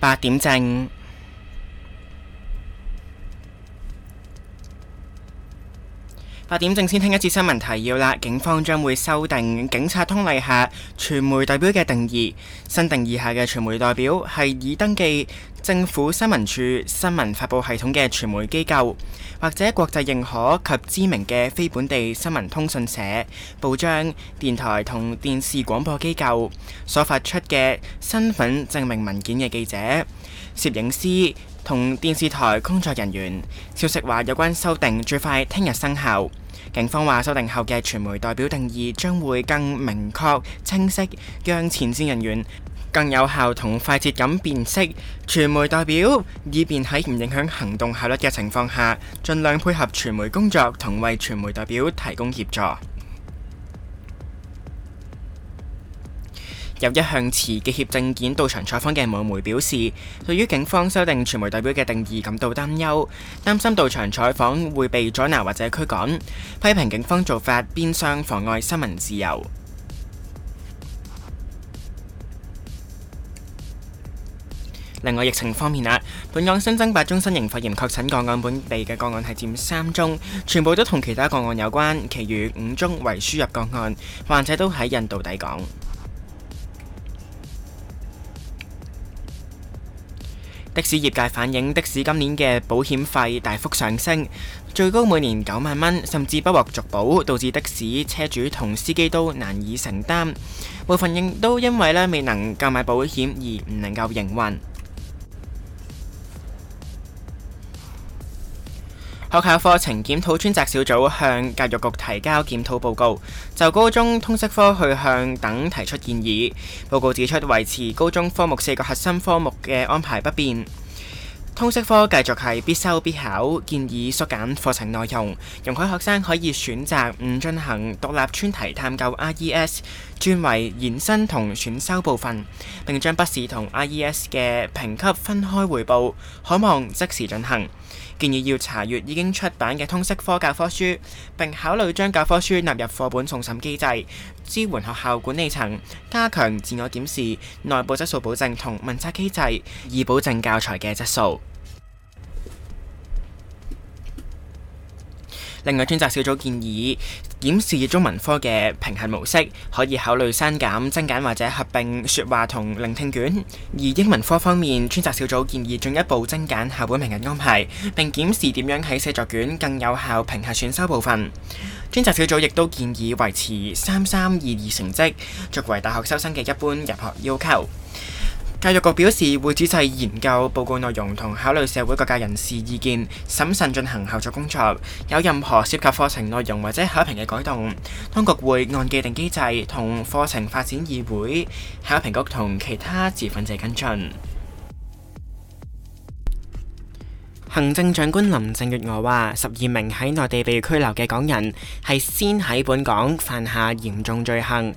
八點正。八點正先聽一次新聞提要啦。警方將會修訂警察通例下傳媒代表嘅定義。新定義下嘅傳媒代表係已登記政府新聞處新聞發布系統嘅傳媒機構，或者國際認可及知名嘅非本地新聞通訊社、報章、電台同電視廣播機構所發出嘅身份證明文件嘅記者、攝影師同電視台工作人員。消息話，有關修訂最快聽日生效。警方話：修訂後嘅傳媒代表定義將會更明確清晰，讓前線人員更有效同快捷咁辨識傳媒代表，以便喺唔影響行動效率嘅情況下，盡量配合傳媒工作同為傳媒代表提供協助。有一向持記者證件到場採訪嘅網媒表示，對於警方修訂傳媒代表嘅定義感到擔憂，擔心到場採訪會被阻撓或者驅趕，批評警方做法變相妨礙新聞自由。 另外，疫情方面啊，本港新增八宗新型肺炎確診個案，本地嘅個案係佔三宗，全部都同其他個案有關，其餘五宗為輸入個案，患者都喺印度抵港。的士業界反映，的士今年嘅保險費大幅上升，最高每年九萬蚊，甚至不獲續保，導致的士車主同司機都難以承擔，部分應都因為咧未能購買保險而唔能夠營運。學校課程檢討專責小組向教育局提交檢討報告，就高中通識科去向等提出建議。報告指出，維持高中科目四個核心科目嘅安排不變，通識科繼續係必修必考。建議縮減課程內容，容許學生可以選擇唔進行獨立專題探究 （IES），轉為延伸同選修部分。並將筆試同 IES 嘅評級分開彙報，可望即時進行。建議要查閱已經出版嘅通識科教科書，並考慮將教科書納入課本重審機制，支援學校管理層加強自我檢視、內部質素保證同問責機制，以保證教材嘅質素。另外，專責小組建議，檢視中文科嘅評核模式，可以考慮刪減、增減或者合併説話同聆聽卷。而英文科方面，專責小組建議進一步增減校本評核安排，並檢視點樣喺寫作卷更有效評核選修部分。專責小組亦都建議維持三三二二成績作為大學收生嘅一般入學要求。教育局表示，會仔細研究報告內容，同考慮社會各界人士意見，審慎進行後續工作。有任何涉及課程內容或者考評嘅改動，當局會按既定機制同課程發展議會、考評局同其他持份者跟進。行政長官林鄭月娥話：十二名喺內地被拘留嘅港人係先喺本港犯下嚴重罪行。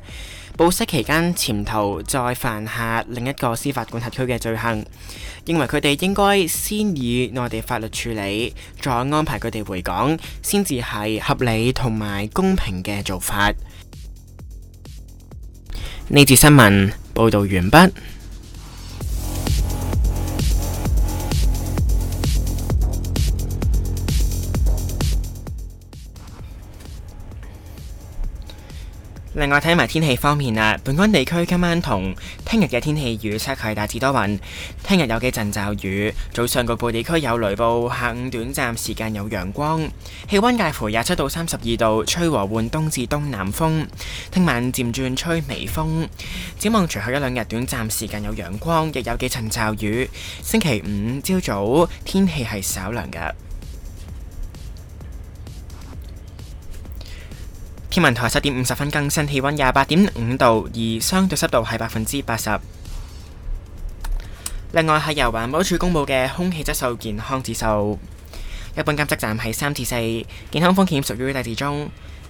保釋期間潛逃，再犯下另一個司法管轄區嘅罪行，認為佢哋應該先以內地法律處理，再安排佢哋回港，先至係合理同埋公平嘅做法。呢 次新聞報道完畢。另外睇埋天氣方面啊，本港地區今晚同聽日嘅天氣預測係大致多雲，聽日有幾陣驟雨，早上局部地區有雷暴，下午短暫時間有陽光，氣溫介乎廿七到三十二度，吹和緩東至東南風，聽晚漸轉吹微風，展望隨後一兩日短暫時間有陽光，亦有幾陣驟雨，星期五朝早天氣係稍涼噶。天文台係七點五十分更新氣温廿八點五度，而相對濕度係百分之八十。另外係由環保署公布嘅空氣質素健康指數，一般監測站係三至四，4, 健康風險屬於大致中；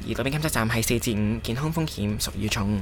而路邊監測站係四至五，5, 健康風險屬於重。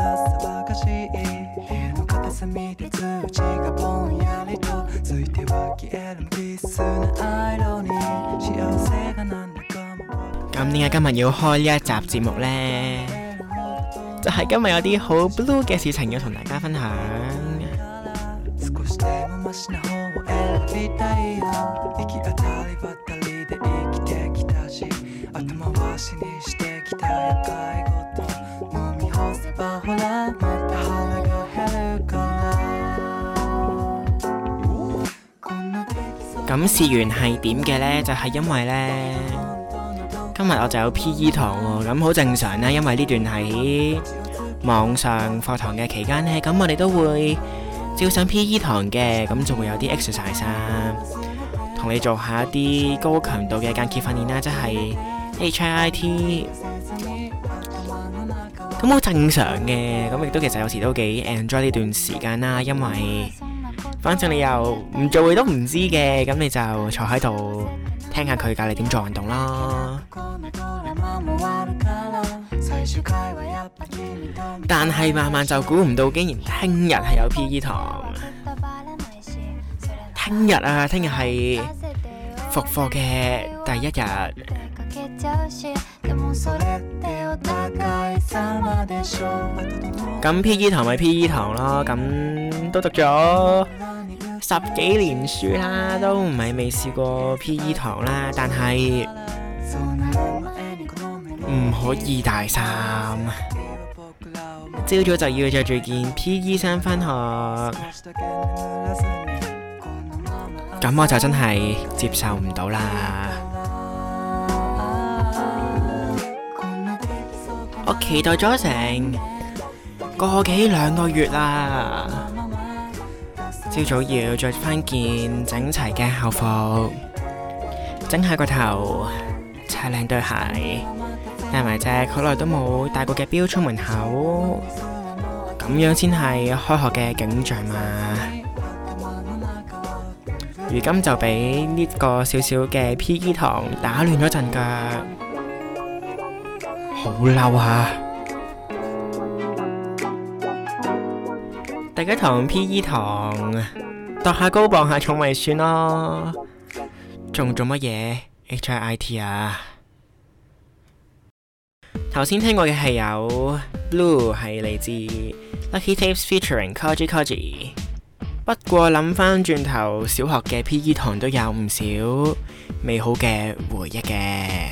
咁點解今日要開呢一集節目呢？就係、是、今日有啲好 blue 嘅事情要同大家分享。 咁試完係點嘅呢？就係、是、因為呢，今日我就有 P.E. 堂喎、哦，咁好正常啦、啊。因為呢段喺網上課堂嘅期間呢，咁我哋都會照上 P.E. 堂嘅，咁仲會有啲 exercise 啊，同你做下一啲高強度嘅間歇訓練啦，即係 H.I.I.T.，咁好正常嘅。咁亦都其實有時都幾 enjoy 呢段時間啦、啊，因為反正你又唔做，你都唔知嘅，咁你就坐喺度聽下佢教你點做運動啦。但係慢慢就估唔到，竟然聽日係有 P.E. 堂。聽日啊，聽日係復課嘅第一日。咁 P.E. 堂咪 P.E. 堂咯，咁都讀咗。十幾年書啦，都唔係未試過 P.E. 堂啦，但係唔可以大三，朝早就要着住件 P.E. 衫返學，咁我就真係接受唔到啦！我期待咗成個幾兩個月啦～朝早要着翻件整齊嘅校服，整下個頭，擦靚對鞋，帶埋隻好耐都冇戴過嘅錶出門口，咁樣先係開學嘅景象嘛。如今就俾呢個小小嘅 PE 堂打亂咗陣腳，好嬲啊！大家第一堂 P.E. 堂，度下高磅下重咪算咯，仲做乜嘢？H.I.I.T. 啊！頭先聽過嘅係有《Blue》，係嚟自《Lucky Tapes Featuring Koji Koji》。不過諗翻轉頭，小學嘅 P.E. 堂都有唔少美好嘅回憶嘅。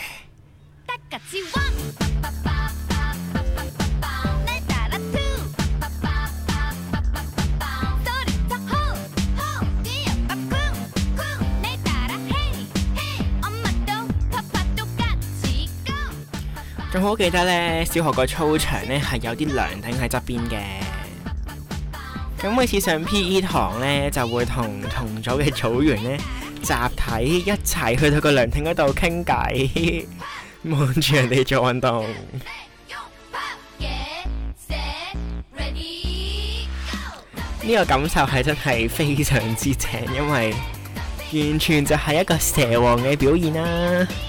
仲好記得呢，小學個操場呢係有啲涼亭喺側邊嘅。咁每次上 PE 堂呢，就會同同組嘅組員呢集體一齊去到個涼亭嗰度傾偈，望 住人哋做運動。呢 個感受係真係非常之正，因為完全就係一個蛇王嘅表現啦，啊。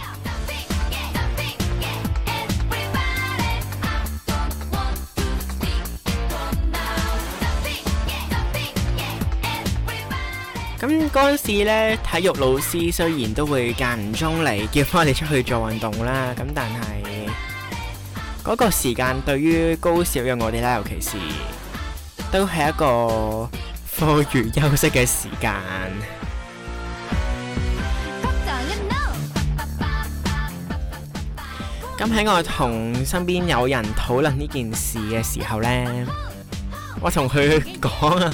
嗰陣時咧，體育老師雖然都會間唔中嚟叫返我哋出去做運動啦，咁但係嗰個時間對於高小嘅我哋咧，尤其是都係一個課餘休息嘅時間。咁喺我同身邊有人討論呢件事嘅時候呢，我同佢講啊。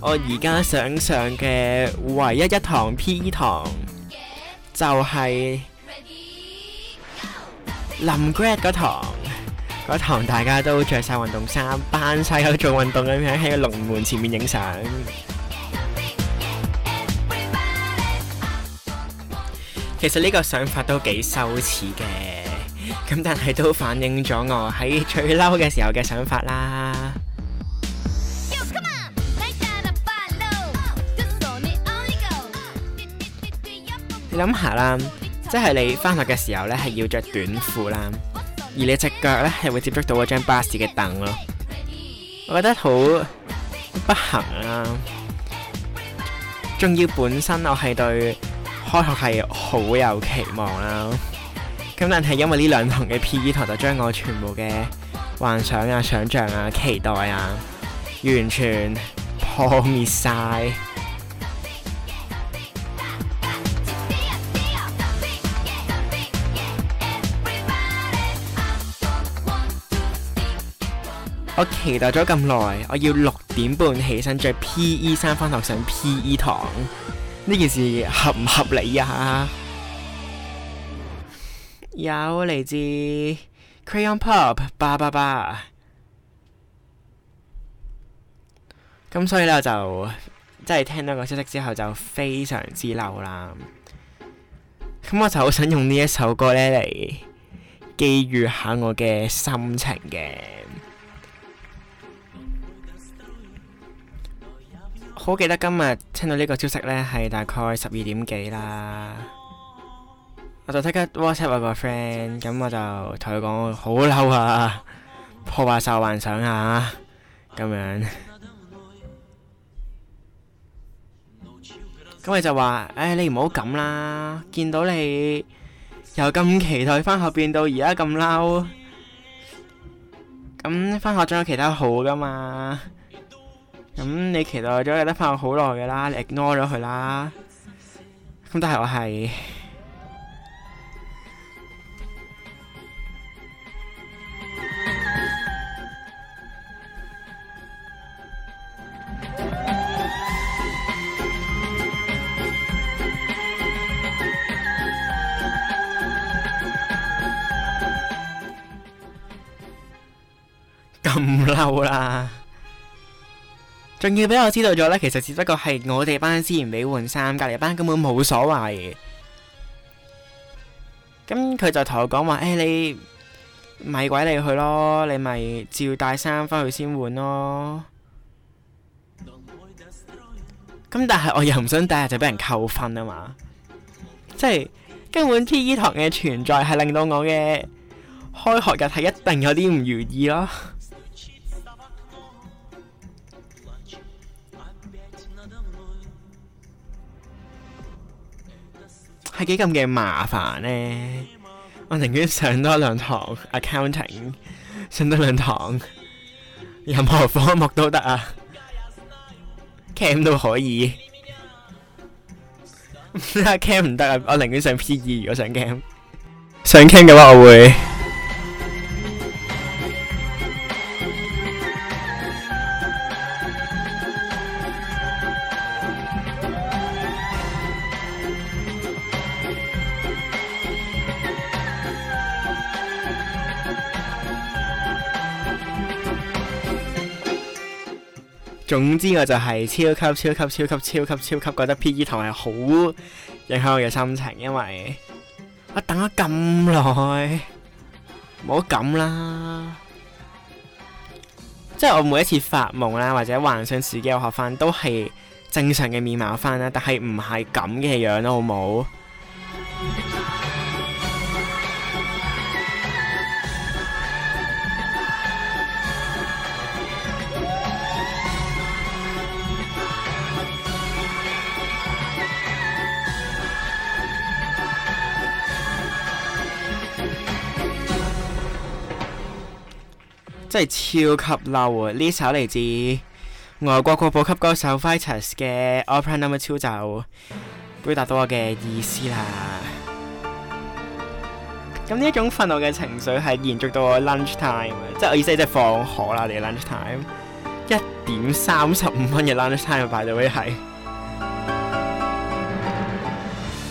我而家想上嘅唯一一堂 PE 堂就係林 grad 嗰堂，嗰堂大家都着晒運動衫，班西友做運動咁樣喺個龍門前面影相。其實呢個想法都幾羞恥嘅，咁但係都反映咗我喺最嬲嘅時候嘅想法啦。你諗下啦，即係你翻學嘅時候咧，係要着短褲啦，而你隻腳咧係會接觸到嗰張巴士嘅凳咯，我覺得好不幸啊！仲要本身我係對開學係好有期望啦、啊，咁但係因為呢兩堂嘅 P.E. 堂就將我全部嘅幻想啊、想象啊、期待啊，完全破滅晒。我期待咗咁耐，我要六點半起身，着 P.E. 衫翻頭上 P.E. 堂，呢 件事合唔合理呀、啊？有嚟自 Crayon Pop，Bar Bar Bar。咁所以呢就，即係聽到個消息之後就非常之嬲啦。咁我就好想用呢一首歌呢嚟寄語下我嘅心情嘅。好記得今日聽到呢個消息呢，係大概十二點幾啦。我就即刻 WhatsApp 我個 friend，咁我就同佢講：我好嬲啊，破壞曬幻想啊！咁樣。咁佢就話：唉，你唔好咁啦，見到你由咁期待返學變到而家咁嬲，咁返學仲有其他好㗎嘛？咁你期待咗你都盼好耐㗎啦，你 ignore 咗佢啦。咁但係我係咁嬲啦。仲要俾我知道咗呢，其實只不過係我哋班先唔俾換衫，隔籬班根本冇所謂。咁佢就同我講話，誒、欸、你咪鬼你去咯，你咪照帶衫返去先換咯。咁但係我又唔想第日就俾人扣分啊嘛，即係根本 P.E. 堂嘅存在係令到我嘅開學日係一定有啲唔如意咯。係幾咁嘅麻煩呢？我寧願上多兩堂 accounting，上多兩堂任何科目都得啊，cam 都可以。啊，cam 唔得啊，我寧願上 PE，如果上 cam，上 cam 嘅話我會。總之我就係超級超級超級超級超級覺得 P.E. 堂係好影響我嘅心情，因為我等咗咁耐，冇咁啦。即係我每一次發夢啦，或者幻想自己學翻都係正常嘅面貌翻啦，但係唔係咁嘅樣啦，好唔好？真係超級嬲啊！呢首嚟自外國國寶級歌手 Vitas 嘅 Opera Number Two，no. 就表達到我嘅意思啦。咁呢一種憤怒嘅情緒係延續到我 lunch time，即係我意思即係放學啦。你 lunch time 一點三十五蚊嘅 lunch time，by 到位，e 係。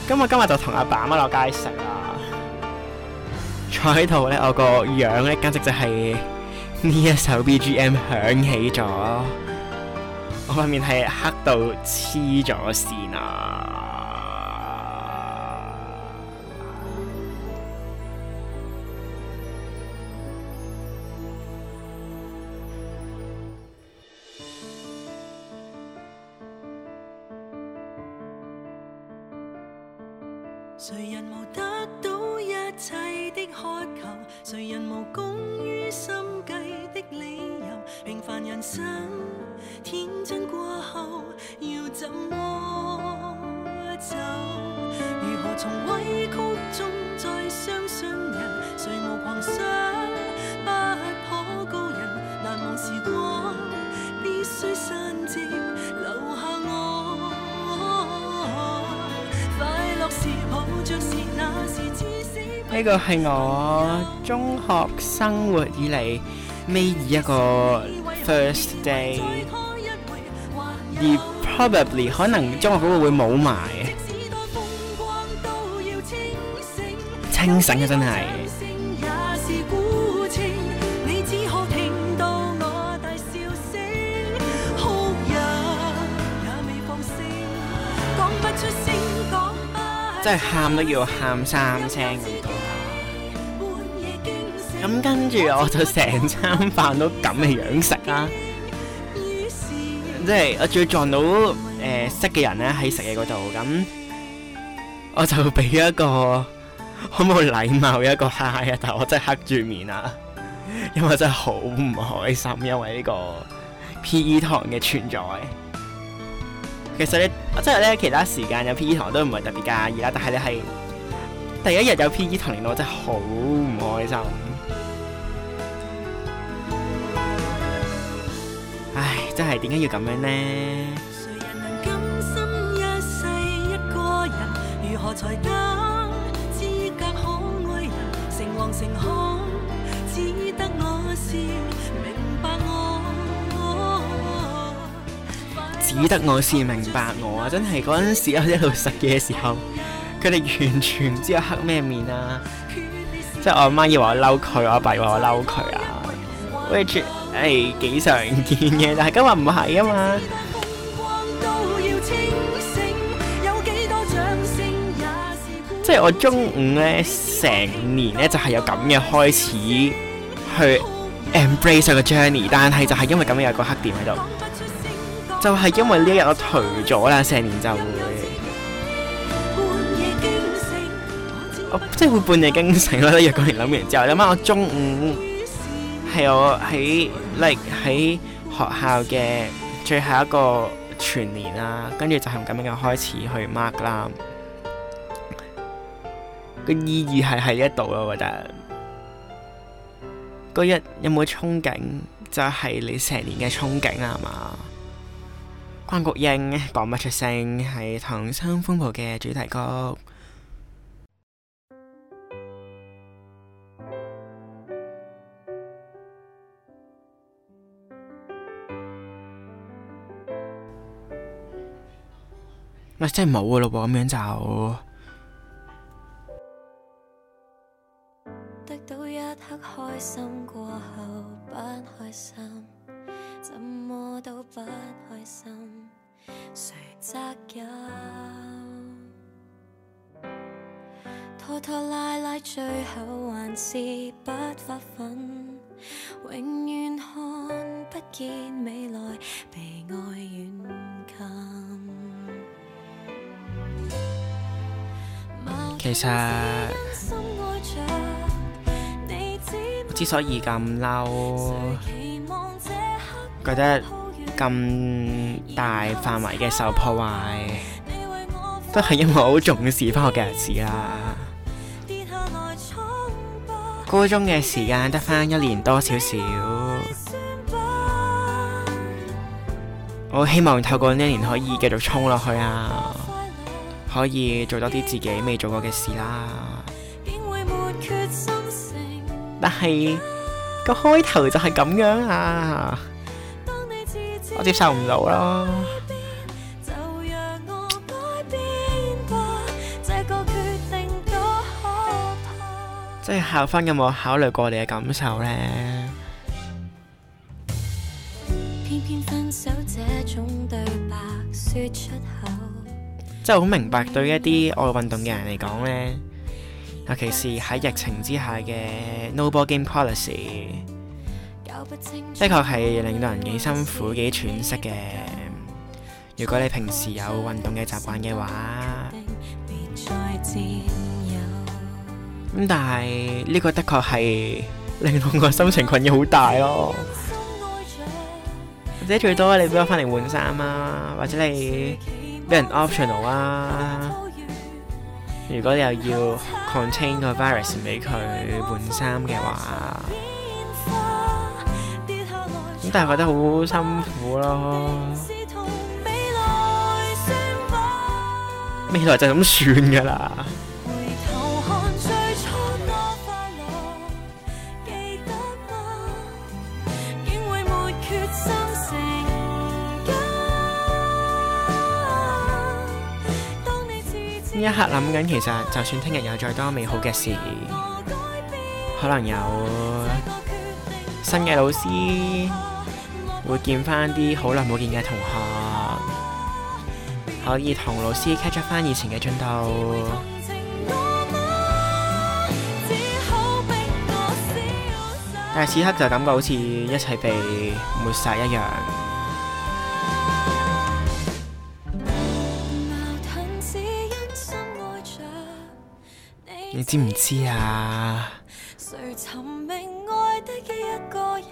今日今日就同阿爸阿媽落街食啦。坐喺度咧，我個樣咧簡直就係、是、～呢一首 BGM 響起咗，我塊面係黑到黐咗線啊！誰人無得到一切的渴求？誰人無功於心？理由：平凡人生，天真過後要怎麼走？如何從委屈中再相信人，誰無狂想，不可告人，難忘時光，必須散佔留下我，我快樂時抱著那時知識。呢個係我中學生活以嚟。May 以一個 first day，而 probably 可能將我嗰個會冇埋，即使多風光都要清醒，清醒啊真係！你只可聽到我大笑聲，哭泣也未放聲，講不出聲，講不出聲，再喊都要喊三聲。咁、嗯、跟住我就成餐飯都咁嘅樣食啦、啊嗯，即係我最撞到誒識嘅人咧喺食嘢嗰度，咁、嗯、我就俾一個好冇禮貌嘅一個嗨、啊」i 但我真係黑住面啦，因為我真係好唔開心，因為呢個 P.E 堂嘅存在。其實你即係咧，其他時間有 P.E 堂都唔係特別介意啦，但係你係第一日有 P.E 堂令到我真係好唔開心。真係點解要咁樣呢？只得我是明白我只得我是明白我啊！真係嗰陣時我一路食嘢嘅時候，佢哋完全唔知我黑咩面啊！即係我阿媽以為我嬲佢，我阿爸以為我嬲佢啊。誒，幾常見嘅，但係今日唔係啊嘛。即係我中午咧，成年咧就係有咁嘅開始去 embrace 個 journey，但係就係因為咁樣有個黑點喺度，就係因為呢一日我頹咗啦，成年就會半夜驚醒，我即係會半夜驚醒啦，若果你諗完之後，你諗下我中午。係我喺歷喺學校嘅最後一個全年啦，跟住就係咁樣嘅開始去 mark 啦。個意義係喺一度咯，我覺得。嗰日有冇憧憬，就係、是、你成年嘅憧憬啊，啦嘛。關菊英《講不出聲》係《溏心風暴》嘅主題曲。真係冇啊，老喎，咁樣就。得到一刻開心，過後不開心，什麼都不開心，心。誰責任？拖拖拉拉，最後還是不發奮，永遠看不見未來，被愛遠近其實之所以咁嬲，覺得咁大範圍嘅受破壞，都係因為我好重視翻學嘅日子啦。高中嘅時間得翻一年多少少，我希望透過呢一年可以繼續衝落去啊！可以做多啲自己未做過嘅事啦，但係個開頭就係咁樣啊！我接受唔到咯。即係校方有冇考慮過你嘅感受呢？即係好明白，對一啲愛運動嘅人嚟講呢，尤其是喺疫情之下嘅 No Ball Game Policy，的確係令到人幾辛苦、幾喘息嘅。如果你平時有運動嘅習慣嘅話，咁、嗯、但係呢、這個的確係令到我個心情困擾好大咯。或者最多你俾我翻嚟換衫啊，或者你。俾人 optional 啊！如果你又要 contain 個 virus 俾佢換衫嘅話，咁但係覺得好辛苦咯。未來就咁算㗎啦～一刻諗緊，其實就算聽日有再多美好嘅事，可能有新嘅老師，會見翻啲好耐冇見嘅同學，可以同老師 catch up 翻以前嘅進度。但係此刻就感覺好似一切被抹殺一樣。知唔知啊？誰尋覓愛的一個人，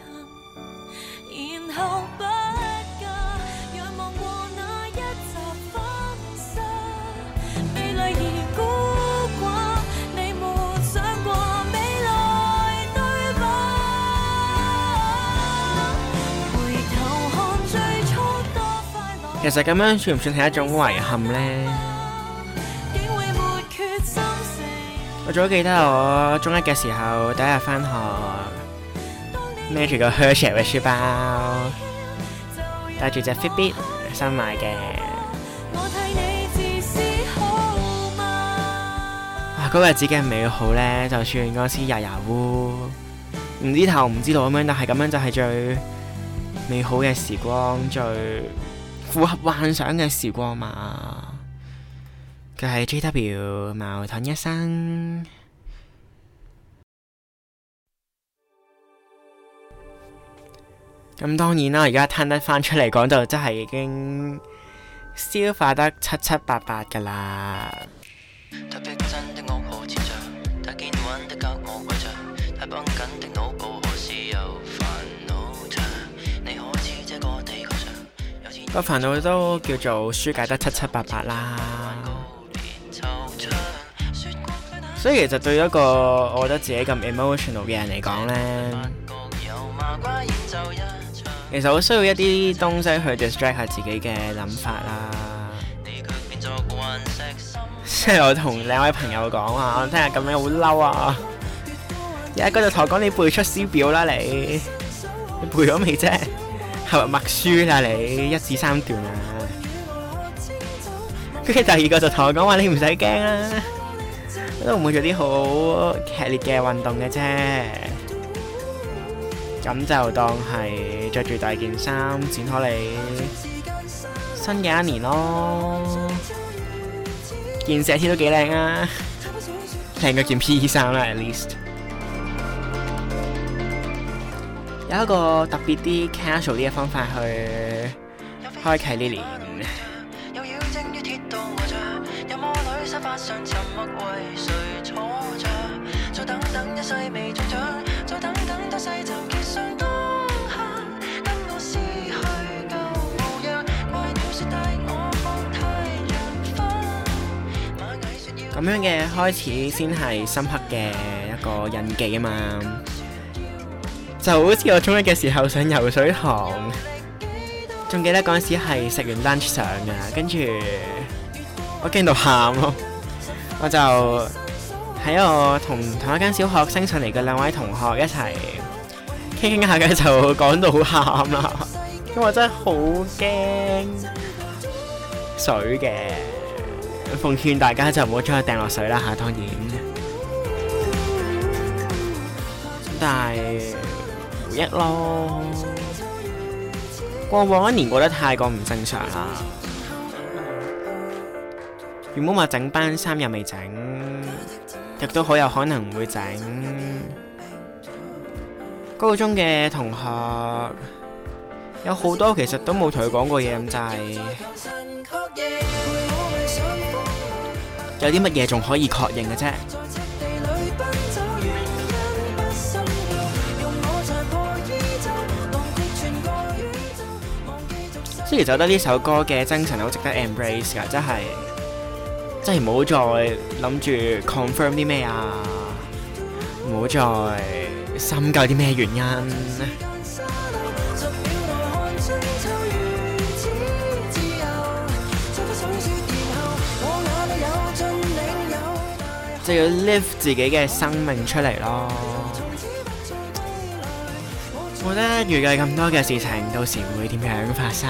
然後不嫁，仰望過那一襲婚紗，美麗而孤寡。你沒想過未來，對吧？回頭看，最初多快樂。其實咁樣算唔算係一種遺憾呢？我仲記得我中一嘅時候，第一日翻學孭住個 Herschel 嘅書包，帶住隻 Fitbit 新買嘅。嗰、啊那個日子嘅美好呢，就算嗰次牙牙烏，唔知頭唔知道咁樣，但係咁樣就係最美好嘅時光，最符合幻想嘅時光嘛。就係 JW，矛盾一生。咁 當然啦，而家攤得翻出嚟講到，真係已經消化得七七八八㗎啦。我我個,個煩惱個都叫做疏解得七七八八啦。所以其實對一個我覺得自己咁 emotional 嘅人嚟講咧，其實好需要一啲東西去 distract 下自己嘅諗法啦。即係我同兩位朋友講話，啊，我聽日咁樣好嬲啊！有一個就同我講你背出師表啦，你你背咗未啫？係咪默書啊你？一至三段啊？跟住第二個就同我講話，你唔使驚啦。都唔會做啲好劇烈嘅運動嘅啫，咁就當係著住大件衫，展開你新嘅一年咯。件石 T 都幾靚啊，平過件 PE 衫啦，at least。有一個特別啲 casual 啲嘅方法去開啟呢年。沉默着？再再等等等等一世世未到就刻我我去模太花。咁樣嘅開始先係深刻嘅一個印記啊嘛，就好似我中一嘅時候上游水堂，仲記得嗰陣時係食完 lunch 上㗎，跟住。我驚到喊咯，我就喺我同同一間小學升上嚟嘅兩位同學一齊傾傾下偈， 就講到好喊啦，因為真係好驚水嘅。奉勸大家就唔好將佢掟落水啦嚇，當然。但係，回憶咯，過往一年過得太過唔正常啦。原本話整班三日未整，亦都好有可能唔會整。高中嘅同學有好多，其實都冇同佢講過嘢咁就滯、係，有啲乜嘢仲可以確認嘅啫。雖然 走得呢首歌嘅精神好值得 embrace 噶，真係。真係唔好再諗住 confirm 啲咩啊！唔好再深究啲咩原因啊，就要 live 自己嘅生命出嚟咯。我覺得預計咁多嘅事情，到時會點樣發生，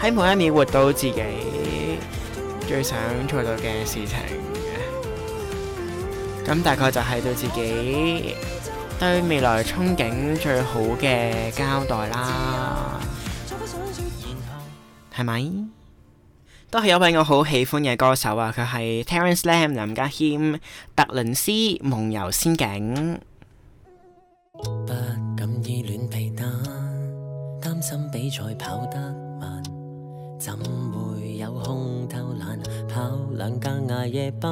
喺每一秒活到自己最想做到嘅事情，咁 大概就係對自己對未來憧憬，最好嘅交代啦，係咪？都係一位我好喜歡嘅歌手啊，佢係 Terence Lam、林家謙、特倫斯夢遊仙境，不敢意戀被單，擔心比賽跑得。怎會有空偷懶？跑兩間捱夜班，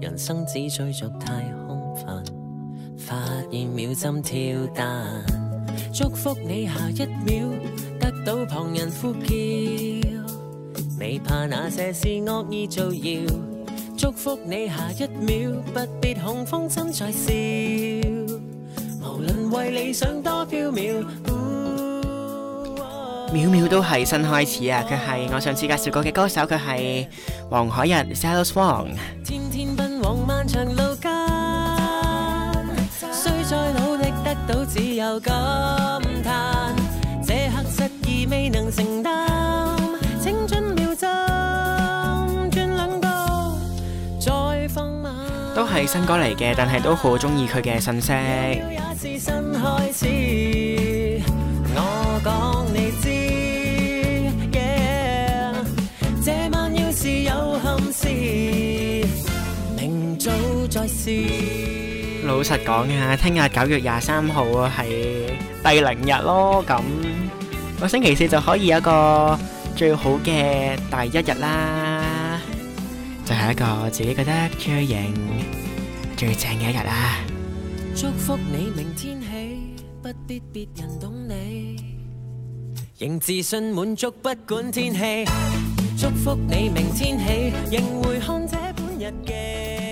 人生只追逐太空帆。發現秒針跳彈， 祝福你下一秒得到旁人呼叫。未怕那些事惡意造謠，祝福你下一秒不必紅方真在笑。無論為理想多飄渺。秒秒都係新開始啊！佢係我上次介紹過嘅歌手，佢係黃凱逸 Charles Wong。天天奔往漫長路間，雖再努力得到，只有感嘆，這刻失意未能承擔。請盡秒針轉兩個，再放慢。都係新歌嚟嘅，但係都好中意佢嘅信息。老實講啊，聽日九月廿三號係第零日咯，咁我星期四就可以有一個最好嘅第一日啦，就係一個我自己覺得最型、最正嘅一日啦。祝福你明天起不必別人懂你，仍自信滿足，不管天氣。祝福你明天起仍會看這本日記。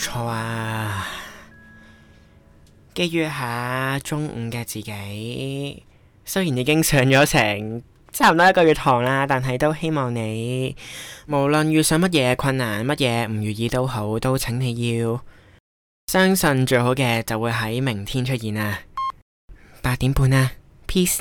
冇錯啊！記住下中午嘅自己，雖然已經上咗成差唔多一個月堂啦，但係都希望你無論遇上乜嘢困難，乜嘢唔如意都好，都請你要相信最好嘅就會喺明天出現啊！八點半啊，Peace。